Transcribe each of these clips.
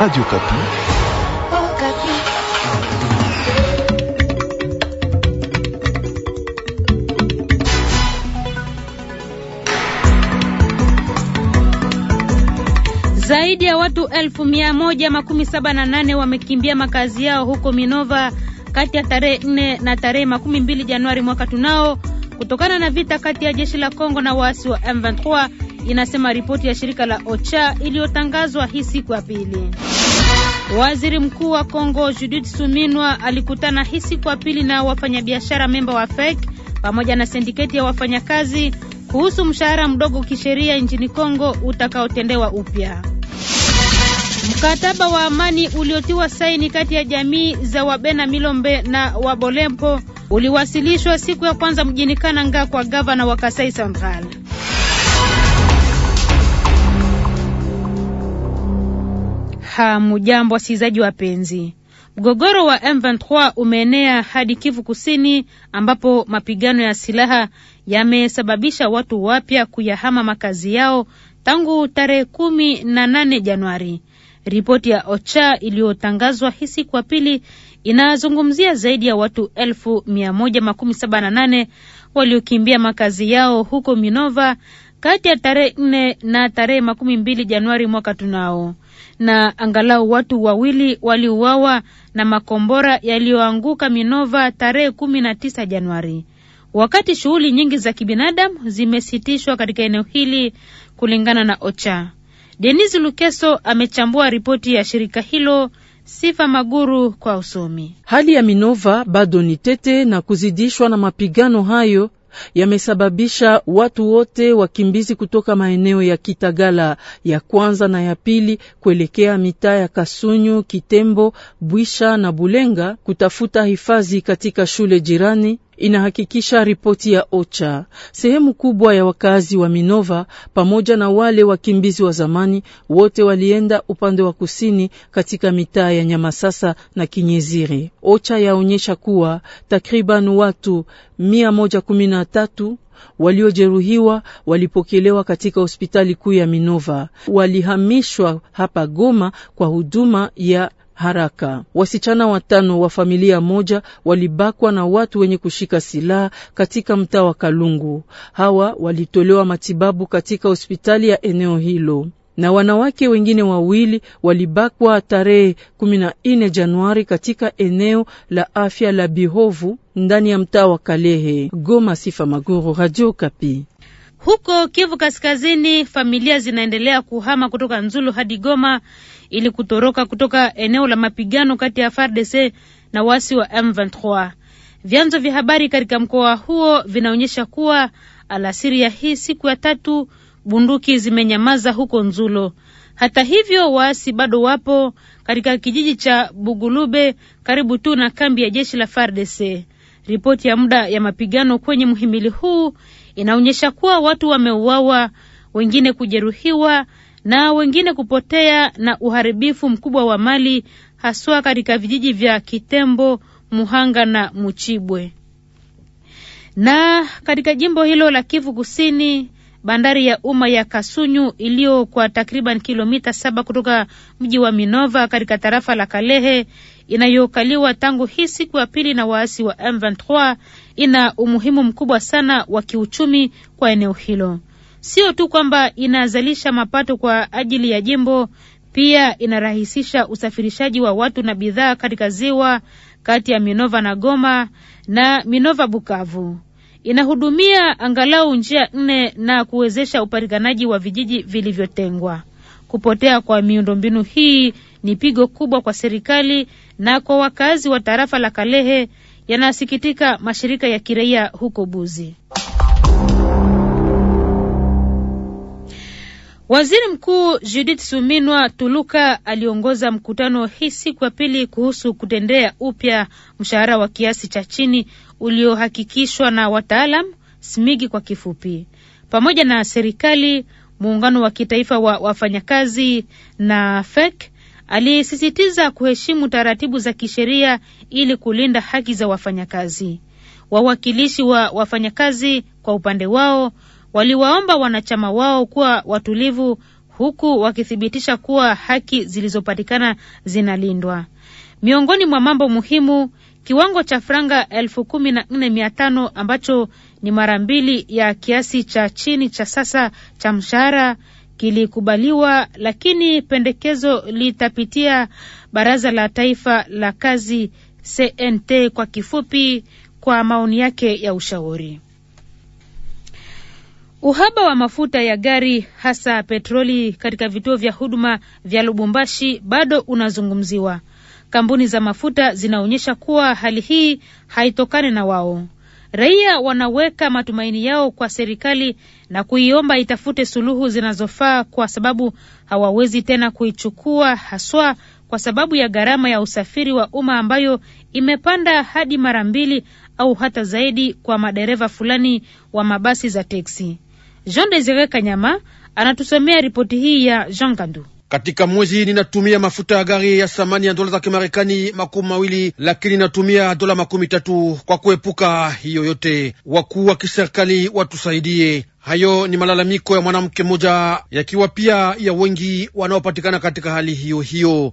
Radio Kapi. Oh, Kapi. Zaidi ya watu elfu mia moja makumi saba na nane wamekimbia makazi yao huko Minova kati ya tarehe 4 na tarehe makumi mbili Januari mwaka tunao kutokana na vita kati ya jeshi la Kongo na waasi wa M23 inasema ripoti ya shirika la OCHA iliyotangazwa hii siku ya pili. Waziri Mkuu wa Kongo Judith Suminwa alikutana hisi kwa pili na wafanyabiashara memba wa FEC pamoja na sindiketi ya wafanyakazi kuhusu mshahara mdogo kisheria nchini Kongo utakaotendewa upya. Mkataba wa amani uliotiwa saini kati ya jamii za Wabena Milombe na Wabolempo uliwasilishwa siku ya kwanza mjini Kananga kwa gavana wa Kasai Central. Hamujambo wasikilizaji wapenzi. Mgogoro wa M23 umeenea hadi Kivu Kusini, ambapo mapigano ya silaha yamesababisha watu wapya kuyahama makazi yao tangu tarehe kumi na nane Januari. Ripoti ya OCHA iliyotangazwa hii siku ya pili inazungumzia zaidi ya watu elfu mia moja makumi saba na nane waliokimbia makazi yao huko Minova kati ya tarehe nne na tarehe makumi mbili Januari mwaka tunao na angalau watu wawili waliuawa na makombora yaliyoanguka Minova tarehe kumi na tisa Januari, wakati shughuli nyingi za kibinadamu zimesitishwa katika eneo hili kulingana na OCHA. Denis Lukeso amechambua ripoti ya shirika hilo. Sifa Maguru kwa usomi. Hali ya Minova bado ni tete na kuzidishwa na mapigano hayo yamesababisha watu wote wakimbizi kutoka maeneo ya Kitagala ya kwanza na ya pili kuelekea mitaa ya Kasunyu, Kitembo, Bwisha na Bulenga kutafuta hifadhi katika shule jirani inahakikisha ripoti ya OCHA. Sehemu kubwa ya wakazi wa Minova pamoja na wale wakimbizi wa zamani wote walienda upande wa kusini katika mitaa ya Nyamasasa na kinyeziri OCHA yaonyesha kuwa takriban watu 113 waliojeruhiwa walipokelewa katika hospitali kuu ya Minova, walihamishwa hapa Goma kwa huduma ya haraka. Wasichana watano wa familia moja walibakwa na watu wenye kushika silaha katika mtaa wa Kalungu. Hawa walitolewa matibabu katika hospitali ya eneo hilo na wanawake wengine wawili walibakwa tarehe 14 Januari katika eneo la afya la Bihovu ndani ya mtaa wa Kalehe. Goma, Sifa Maguru, Radio Kapi. Huko Kivu Kaskazini, familia zinaendelea kuhama kutoka Nzulu hadi Goma ili kutoroka kutoka eneo la mapigano kati ya FARDC na wasi wa M23. Vyanzo vya habari katika mkoa huo vinaonyesha kuwa alasiri ya hii siku ya tatu bunduki zimenyamaza huko Nzulo. Hata hivyo, waasi bado wapo katika kijiji cha Bugulube karibu tu na kambi ya jeshi la FARDC. Ripoti ya muda ya mapigano kwenye mhimili huu inaonyesha kuwa watu wameuawa, wengine kujeruhiwa na wengine kupotea na uharibifu mkubwa wa mali haswa katika vijiji vya Kitembo, Muhanga na Muchibwe. Na katika jimbo hilo la Kivu Kusini, bandari ya umma ya Kasunyu iliyo kwa takriban kilomita saba kutoka mji wa Minova katika tarafa la Kalehe inayokaliwa tangu hii siku ya pili na waasi wa M23 ina umuhimu mkubwa sana wa kiuchumi kwa eneo hilo. Sio tu kwamba inazalisha mapato kwa ajili ya jimbo, pia inarahisisha usafirishaji wa watu na bidhaa katika ziwa kati ya Minova na Goma na Minova Bukavu. Inahudumia angalau njia nne na kuwezesha upatikanaji wa vijiji vilivyotengwa. Kupotea kwa miundombinu hii ni pigo kubwa kwa serikali na kwa wakazi wa tarafa la Kalehe yanasikitika mashirika ya kiraia huko Buzi. Waziri Mkuu Judith Suminwa Tuluka aliongoza mkutano hii siku ya pili kuhusu kutendea upya mshahara wa kiasi cha chini uliohakikishwa na wataalam SMIGI kwa kifupi, pamoja na serikali, muungano wa kitaifa wa wafanyakazi na FEK Alisisitiza kuheshimu taratibu za kisheria ili kulinda haki za wafanyakazi. Wawakilishi wa wafanyakazi kwa upande wao waliwaomba wanachama wao kuwa watulivu, huku wakithibitisha kuwa haki zilizopatikana zinalindwa. Miongoni mwa mambo muhimu, kiwango cha franga elfu kumi na nne mia tano ambacho ni mara mbili ya kiasi cha chini cha sasa cha mshahara kilikubaliwa, lakini pendekezo litapitia baraza la taifa la kazi CNT kwa kifupi, kwa maoni yake ya ushauri. Uhaba wa mafuta ya gari hasa petroli katika vituo vya huduma vya Lubumbashi bado unazungumziwa. Kampuni za mafuta zinaonyesha kuwa hali hii haitokani na wao raia wanaweka matumaini yao kwa serikali na kuiomba itafute suluhu zinazofaa kwa sababu hawawezi tena kuichukua, haswa kwa sababu ya gharama ya usafiri wa umma ambayo imepanda hadi mara mbili au hata zaidi kwa madereva fulani wa mabasi za teksi. Jean Desire Kanyama anatusomea ripoti hii ya Jean Gandu. Katika mwezi ninatumia mafuta ya gari ya thamani ya dola za Kimarekani makumi mawili, lakini natumia dola makumi tatu kwa kuepuka hiyo yote. Wakuu wa kiserikali watusaidie. Hayo ni malalamiko ya mwanamke mmoja, yakiwa pia ya wengi wanaopatikana katika hali hiyo hiyo.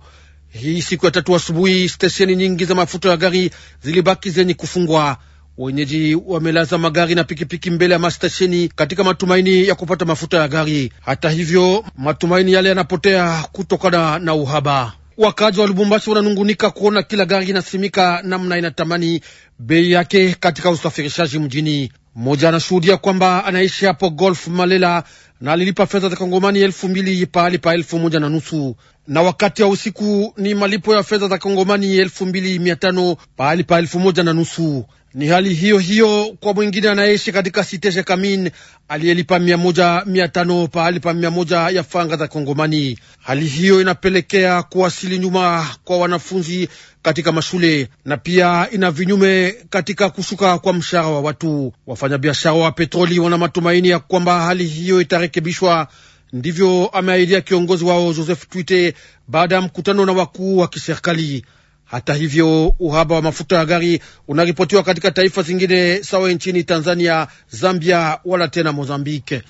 Hii siku ya tatu asubuhi, stesheni nyingi za mafuta ya gari zilibaki zenye kufungwa. Wenyeji wamelaza magari na pikipiki mbele ya mastesheni katika matumaini ya kupata mafuta ya gari. Hata hivyo, matumaini yale yanapotea kutokana na uhaba. wakaji wa Lubumbashi wananungunika kuona kila gari inasimika namna inatamani bei yake katika usafirishaji mjini. Mmoja anashuhudia kwamba anaishi hapo Golf Malela na alilipa fedha za Kongomani elfu mbili pahali pa elfu moja na nusu na wakati wa usiku ni malipo ya fedha za Kongomani elfu mbili mia tano pahali pa elfu moja na nusu. Ni hali hiyo hiyo kwa mwingine anayeishi katika siteshe Kamin aliyelipa mia moja mia tano pahali pa mia moja ya fanga za Kongomani. Hali hiyo inapelekea kuwasili nyuma kwa wanafunzi katika mashule na pia ina vinyume katika kushuka kwa mshahara wa watu. Wafanyabiashara wa petroli wana matumaini ya kwamba hali hiyo itarekebishwa Ndivyo ameahidia kiongozi wao Joseph Twite baada ya mkutano na wakuu wa kiserikali. Hata hivyo, uhaba wa mafuta ya gari unaripotiwa katika taifa zingine sawa nchini Tanzania, Zambia wala tena Mozambike.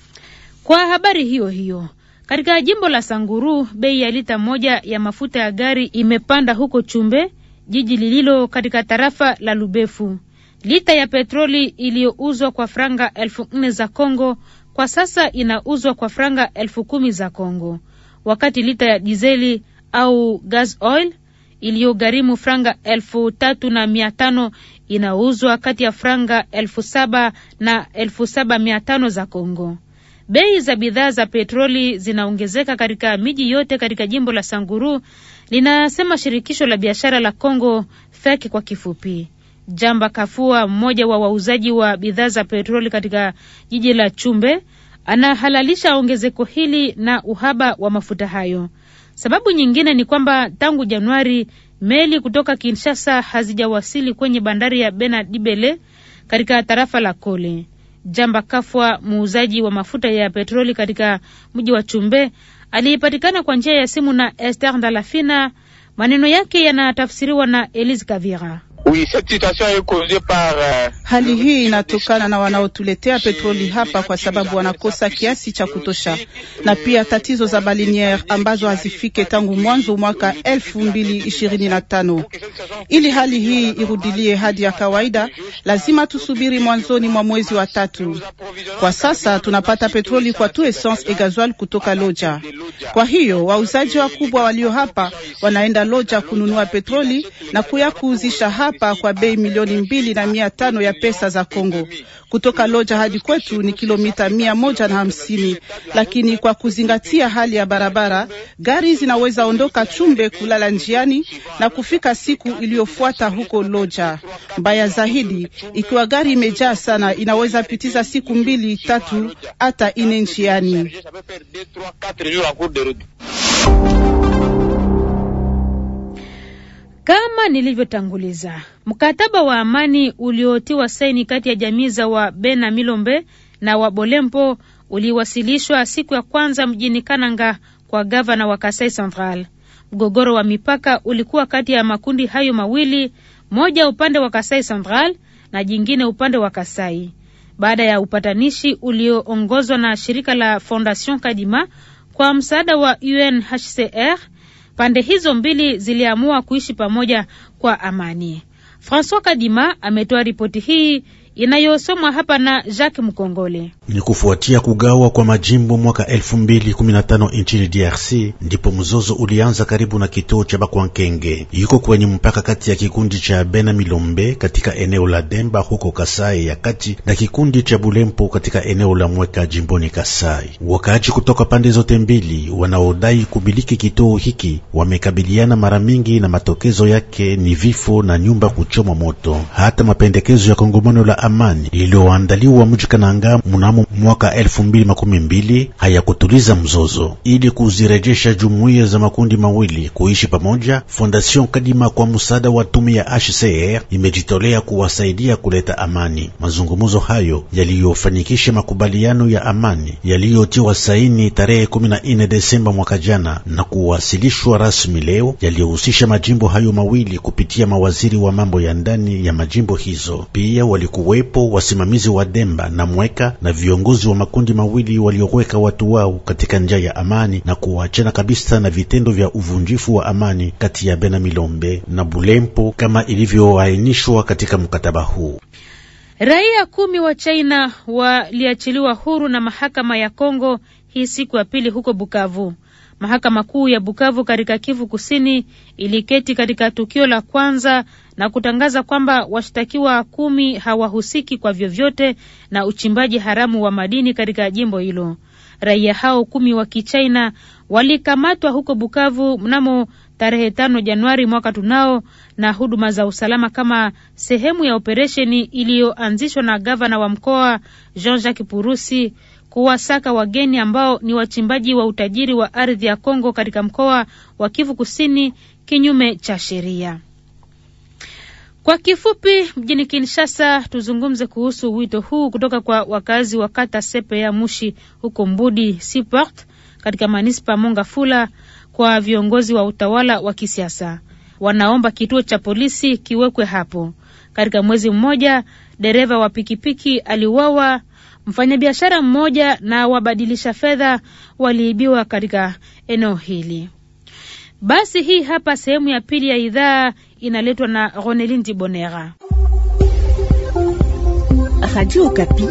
Kwa habari hiyo hiyo katika jimbo la Sanguru, bei ya lita moja ya mafuta ya gari imepanda huko Chumbe, jiji lililo katika tarafa la Lubefu. Lita ya petroli iliyouzwa kwa franga elfu nne za Congo kwa sasa inauzwa kwa franga elfu kumi za Congo, wakati lita ya dizeli au gas oil iliyogharimu franga elfu tatu na mia tano inauzwa kati ya franga elfu saba na elfu saba mia tano za Congo. Bei za bidhaa za petroli zinaongezeka katika miji yote katika jimbo la Sanguru, linasema shirikisho la biashara la Congo, FEC kwa kifupi. Jamba Kafua, mmoja wa wauzaji wa bidhaa za petroli katika jiji la Chumbe, anahalalisha ongezeko hili na uhaba wa mafuta hayo. Sababu nyingine ni kwamba tangu Januari meli kutoka Kinshasa hazijawasili kwenye bandari ya bena dibele katika tarafa la Kole. Jamba Kafwa, muuzaji wa mafuta ya petroli katika mji wa Chumbe, aliyepatikana kwa njia ya simu na Esther Ndalafina. Maneno yake yanatafsiriwa na Elise Kavira. Euh, hali hii inatokana na wanaotuletea petroli hapa, kwa sababu wanakosa kiasi cha kutosha, na pia tatizo za baliniere ambazo hazifike tangu mwanzo mwaka elfu mbili ishirini na tano. Ili hali hii irudilie hadi ya kawaida, lazima tusubiri mwanzoni mwa mwezi wa tatu. Kwa sasa tunapata petroli kwa tu essence e gasoil kutoka Loja. Kwa hiyo wauzaji wakubwa walio hapa wanaenda Loja kununua petroli na kuya hapa hapa kwa bei milioni mbili na mia tano ya pesa za Kongo. Kutoka Loja hadi kwetu ni kilomita mia moja na hamsini, lakini kwa kuzingatia hali ya barabara, gari zinaweza ondoka Chumbe kulala njiani na kufika siku iliyofuata huko Loja. Mbaya zaidi, ikiwa gari imejaa sana, inaweza pitiza siku mbili tatu hata ine njiani. Kama nilivyotanguliza, mkataba wa amani uliotiwa saini kati ya jamii za Wabena Milombe na bolempo uliwasilishwa siku ya kwanza mjini Kananga kwa gavana wa Kasai Central. Mgogoro wa mipaka ulikuwa kati ya makundi hayo mawili, moja upande wa Kasai Central na jingine upande wa Kasai. Baada ya upatanishi ulioongozwa na shirika la Fondation Kadima kwa msaada wa UNHCR Pande hizo mbili ziliamua kuishi pamoja kwa amani. Francois Kadima ametoa ripoti hii inayosomwa hapa na Jacques Mkongole. Ni kufuatia kugawa kwa majimbo mwaka 2015 nchini DRC, ndipo mzozo ulianza karibu na kituo cha Bakwankenge, yuko kwenye mpaka kati ya kikundi cha Bena Milombe katika eneo la Demba huko Kasai ya kati na kikundi cha Bulempo katika eneo la Mweka jimboni Kasai. Wakaaji kutoka pande zote mbili wanaodai kumiliki kituo hiki wamekabiliana mara mingi, na matokezo yake ni vifo na nyumba kuchomwa moto. Hata mapendekezo ya kongomano la amani iliyoandaliwa mji Kananga mnamo mwaka elfu mbili makumi mbili hayakutuliza mzozo ili kuzirejesha jumuiya za makundi mawili kuishi pamoja. Fondation Kadima kwa msaada wa tume ya HCR imejitolea kuwasaidia kuleta amani. Mazungumzo hayo yaliyofanikisha makubaliano ya amani yaliyotiwa saini tarehe 14 Desemba mwaka jana na kuwasilishwa rasmi leo, yaliyohusisha majimbo hayo mawili kupitia mawaziri wa mambo ya ndani ya majimbo hizo. Pia walikuwa kuwepo wasimamizi wa Demba na Mweka na viongozi wa makundi mawili walioweka watu wao katika njia ya amani na kuwachana kabisa na vitendo vya uvunjifu wa amani kati ya Bena Milombe na Bulempo kama ilivyoainishwa katika mkataba huu. Raia kumi wa China waliachiliwa huru na mahakama ya Kongo hii siku ya pili huko Bukavu. Mahakama kuu ya Bukavu katika Kivu Kusini iliketi katika tukio la kwanza na kutangaza kwamba washtakiwa kumi hawahusiki kwa vyovyote na uchimbaji haramu wa madini katika jimbo hilo. Raia hao kumi wa Kichina walikamatwa huko Bukavu mnamo tarehe tano Januari mwaka tunao na huduma za usalama kama sehemu ya operesheni iliyoanzishwa na gavana wa mkoa Jean Jacques Purusi kuwasaka wageni ambao ni wachimbaji wa utajiri wa ardhi ya Kongo katika mkoa wa Kivu Kusini kinyume cha sheria. Kwa kifupi, mjini Kinshasa, tuzungumze kuhusu wito huu kutoka kwa wakazi wa kata Sepe ya Mushi huko Mbudi Seaport katika manispa Mongafula kwa viongozi wa utawala wa kisiasa. Wanaomba kituo cha polisi kiwekwe hapo. Katika mwezi mmoja, dereva wa pikipiki aliuawa, mfanyabiashara mmoja na wabadilisha fedha waliibiwa katika eneo hili. Basi hii hapa sehemu ya pili ya idhaa inaletwa na Ronelin Dibonera, Radio Okapi,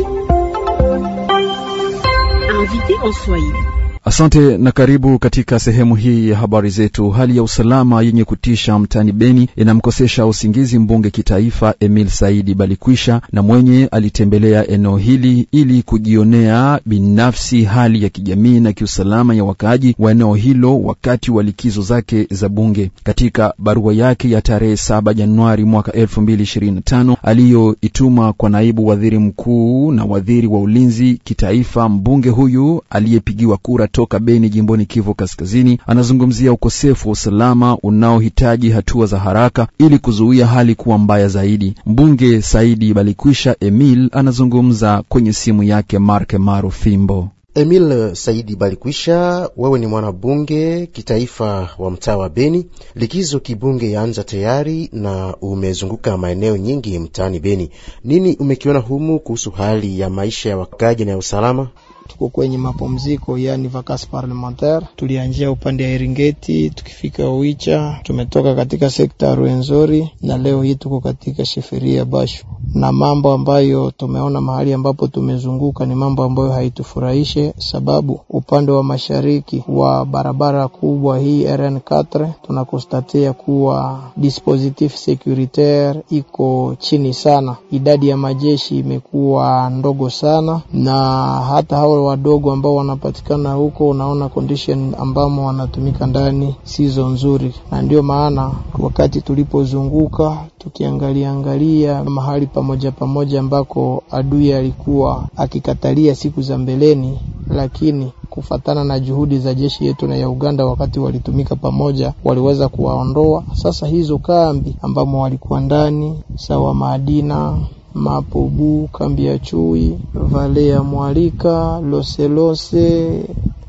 invité en Swahili. Asante na karibu katika sehemu hii ya habari zetu. Hali ya usalama yenye kutisha mtaani Beni inamkosesha usingizi mbunge kitaifa Emil Saidi Balikwisha, na mwenye alitembelea eneo hili ili kujionea binafsi hali ya kijamii na kiusalama ya wakaaji wa eneo hilo wakati wa likizo zake za bunge. Katika barua yake ya tarehe 7 Januari mwaka 2025 aliyoituma kwa naibu waziri mkuu na waziri wa ulinzi kitaifa, mbunge huyu aliyepigiwa kura kutoka Beni jimboni Kivu Kaskazini anazungumzia ukosefu wa usalama unaohitaji hatua za haraka ili kuzuia hali kuwa mbaya zaidi. Mbunge Saidi Balikwisha Emil anazungumza kwenye simu yake Marke Maru Fimbo. Emil Saidi Balikwisha, wewe ni mwanabunge kitaifa wa mtaa wa Beni. Likizo kibunge yaanza tayari na umezunguka maeneo nyingi mtaani Beni. Nini umekiona humu kuhusu hali ya maisha ya wakaaji na ya usalama? tuko kwenye mapumziko, yani vacances parlementaire. Tulianzia upande ya Iringeti, tukifika Uicha, tumetoka katika sekta ya Ruenzori na leo hii tuko katika sheferia Bashu na mambo ambayo tumeona mahali ambapo tumezunguka ni mambo ambayo haitufurahishe, sababu upande wa mashariki wa barabara kubwa hii RN4 tunakostatia kuwa dispositif securitaire iko chini sana, idadi ya majeshi imekuwa ndogo sana, na hata hao wadogo ambao wanapatikana huko, unaona condition ambamo wanatumika ndani sizo nzuri, na ndio maana wakati tulipozunguka tukiangalia angalia mahali pa pamoja pamoja ambako adui alikuwa akikatalia siku za mbeleni, lakini kufatana na juhudi za jeshi yetu na ya Uganda wakati walitumika pamoja, waliweza kuwaondoa. Sasa hizo kambi ambamo walikuwa ndani, sawa Madina, Mapubu, kambi ya Chui, Vale ya Mwalika, Loselose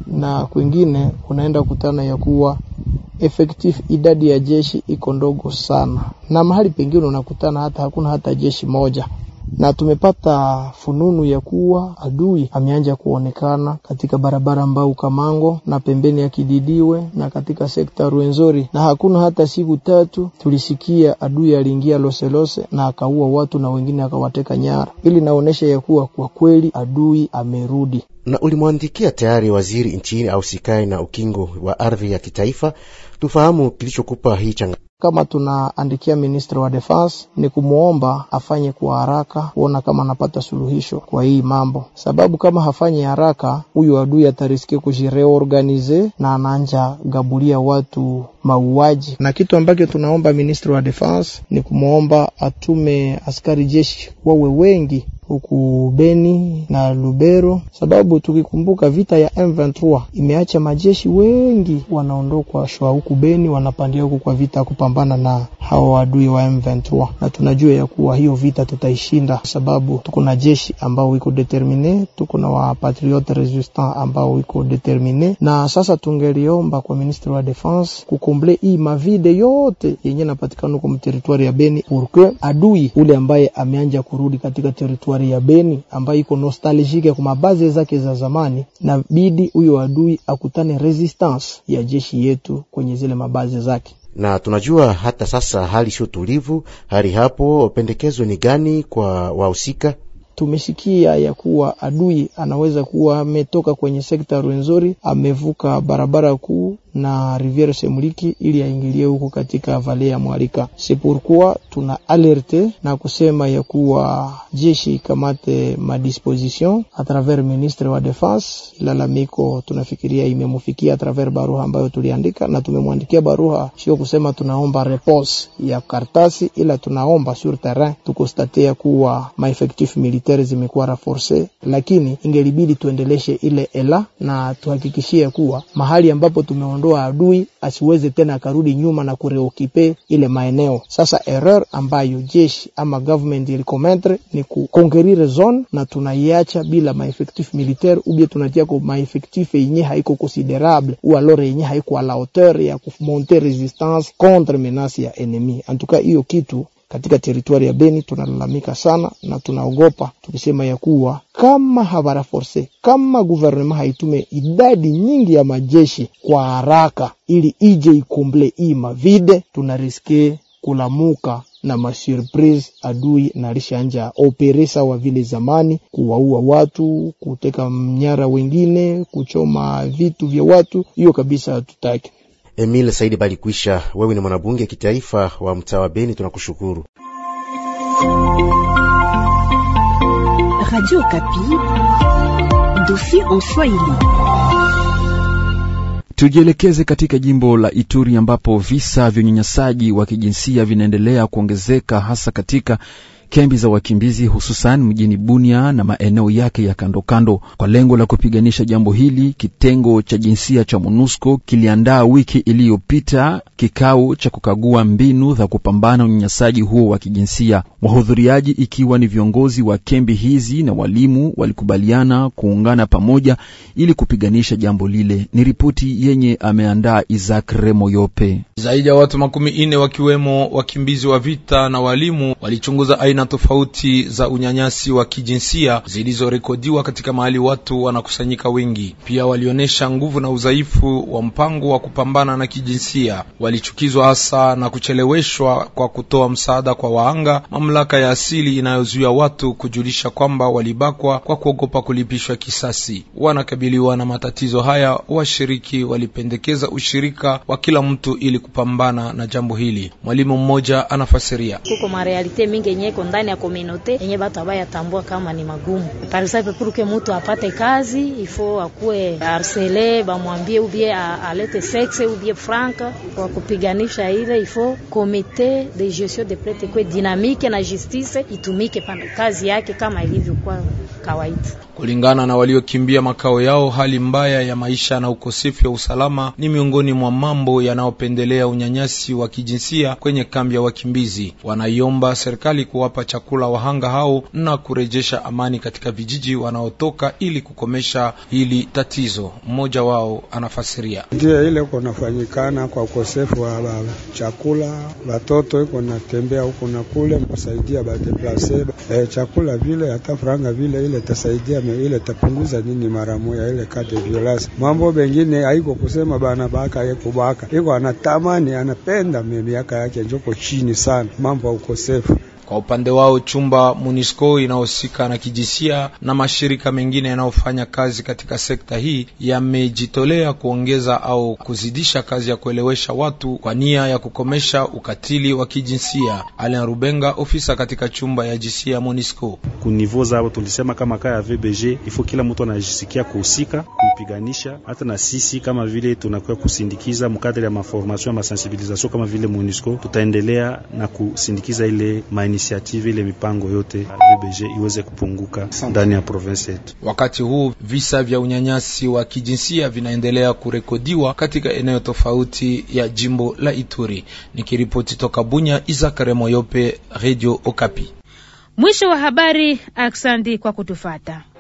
na kwingine, unaenda kutana ya kuwa effective idadi ya jeshi iko ndogo sana, na mahali pengine unakutana hata hakuna hata jeshi moja na tumepata fununu ya kuwa adui ameanza kuonekana katika barabara Mbau Kamango na pembeni ya Kididiwe na katika sekta Rwenzori, na hakuna hata siku tatu tulisikia adui aliingia Loselose na akaua watu na wengine akawateka nyara. Ili naonesha ya kuwa kwa kweli adui amerudi. Na ulimwandikia tayari waziri nchini au sikai na ukingo wa ardhi ya kitaifa, tufahamu kilichokupa hii changa kama tunaandikia ministri wa defense ni kumwomba afanye kwa haraka kuona kama anapata suluhisho kwa hii mambo, sababu kama hafanyi haraka huyu adui atariskie kujireorganize na ananja gabulia watu mauaji. Na kitu ambacho tunaomba ministri wa defense ni kumwomba atume askari jeshi wawe wengi huku Beni na Lubero, sababu tukikumbuka vita ya M23 imeacha majeshi wengi wanaondokwa shwa huku Beni wanapandia huku kwa vita kupambana na hawa waadui wa M23, na tunajua ya kuwa hiyo vita tutaishinda, sababu tuko na jeshi ambao wiko determine, tuko na wapatriote resistant ambao wiko determine. Na sasa tungeliomba kwa ministre wa defense kukomble hii mavide yote yenye napatikana huko mteritwari ya Beni pourque adui ule ambaye ameanja kurudi katika teritwari ya Beni ambaye iko nostalgike kwa mabaze zake za zamani, na bidi huyo adui akutane resistance ya jeshi yetu kwenye zile mabaze zake na tunajua hata sasa hali sio tulivu. Hali hapo, pendekezo ni gani kwa wahusika? Tumesikia ya kuwa adui anaweza kuwa ametoka kwenye sekta Rwenzori, amevuka barabara kuu na Riviere Semuliki ili aingilie huko katika vale ya Mwarika. Sepurkuwa tuna alerte na kusema ya kuwa jeshi ikamate madisposition a travers ministre wa defense. Lalamiko tunafikiria imemufikia a travers baruha ambayo tuliandika, na tumemwandikia baruha, sio kusema tunaomba repose ya kartasi, ila tunaomba sur terrain tukostate ya kuwa maefektif militaire zimekuwa raforce, lakini ingelibidi tuendeleshe ile ela na tuhakikishie kuwa mahali ambapo tumeondoa kumwondoa adui asiweze tena akarudi nyuma na kureokipe ile maeneo. Sasa erreur ambayo jeshi ama government ilikometre ni kukongerire zone na tunaiacha bila maefektif militaire ubie tunatia ko maefektif yenye haiko considerable ou alors yenye haiko a la hauteur ya kumonte resistance contre menace ya enemi. Antuka hiyo kitu katika teritwari ya Beni tunalalamika sana na tunaogopa tukisema ya kuwa kama habara force kama guvernema haitume idadi nyingi ya majeshi kwa haraka, ili ije ikumble hii mavide, tunariske kulamuka na masurprise adui na alishanja operesa wa vile zamani, kuwaua watu, kuteka mnyara wengine, kuchoma vitu vya watu. Hiyo kabisa hatutaki. Emile Saidi Balikwisha, wewe ni mwanabunge kitaifa wa mtaa wa Beni, tunakushukuru. Radio Kapi, en Swahili. Tujielekeze katika jimbo la Ituri ambapo visa vya unyanyasaji wa kijinsia vinaendelea kuongezeka hasa katika kambi za wakimbizi hususan mjini Bunia na maeneo yake ya kando kando. Kwa lengo la kupiganisha jambo hili, kitengo cha jinsia cha MONUSCO kiliandaa wiki iliyopita kikao cha kukagua mbinu za kupambana unyanyasaji huo wa kijinsia. Wahudhuriaji ikiwa ni viongozi wa kambi hizi na walimu walikubaliana kuungana pamoja ili kupiganisha jambo lile. Ni ripoti yenye ameandaa Isaac Remoyope. Zaidi ya watu makumi nne wakiwemo wakimbizi wa vita na walimu walichunguza aina aina tofauti za unyanyasi wa kijinsia zilizorekodiwa katika mahali watu wanakusanyika wengi. Pia walionyesha nguvu na udhaifu wa mpango wa kupambana na kijinsia. Walichukizwa hasa na kucheleweshwa kwa kutoa msaada kwa waanga, mamlaka ya asili inayozuia watu kujulisha kwamba walibakwa kwa kuogopa kulipishwa kisasi. Wanakabiliwa na matatizo haya, washiriki walipendekeza ushirika wa kila mtu ili kupambana na jambo hili. Mwalimu mmoja anafasiria kuko marealite mingi ndani ya komunote yenye batu abaya tambua kama ni magumu. Par exemple puruke mutu apate kazi ifo akuwe arsele bamwambie ubie alete sexe ubie franka kwa kupiganisha ile, ifo komite de gestion de prete kwe dinamike na justice itumike pana kazi yake kama ilivyokuwa kawaida. Kulingana na waliokimbia makao yao, hali mbaya ya maisha na ukosefu wa usalama ni miongoni mwa mambo yanayopendelea unyanyasi wa kijinsia kwenye kambi ya wakimbizi. Wanaiomba serikali kuwapa chakula wahanga hao na kurejesha amani katika vijiji wanaotoka ili kukomesha hili tatizo. Mmoja wao anafasiria: ndio ile iko nafanyikana kwa ukosefu wa chakula, watoto iko natembea huko na kule, mkusaidia badeplase e, eh, chakula vile hata franga vile ile ile itasaidia ile tapunguza nini mara moja ile kade violence. Mambo bengine haiko kusema bana baka yeko baka iko anatamani anapenda miaka yake njoko chini sana, mambo ya ukosefu kwa upande wao chumba MONUSCO inayohusika na kijinsia na mashirika mengine yanayofanya kazi katika sekta hii yamejitolea kuongeza au kuzidisha kazi ya kuelewesha watu kwa nia ya kukomesha ukatili wa kijinsia. Alain Rubenga, ofisa katika chumba ya jisia ya MONUSCO: kunivou zao tulisema kama kaa ya VBG ifo, kila mtu anajisikia kuhusika kupiganisha, hata na sisi kama vile tunakuwa kusindikiza mkadri ya maformasio ya masensibilizasio kama vile MONUSCO tutaendelea na kusindikiza ile maeneo initiative ile mipango yote BBG iweze kupunguka ndani ya province yetu. Wakati huu visa vya unyanyasi wa kijinsia vinaendelea kurekodiwa katika eneo tofauti ya jimbo la Ituri. Nikiripoti toka Bunya, Izakare Moyope, Radio Okapi. Mwisho wa habari. Aksandi kwa kutufata.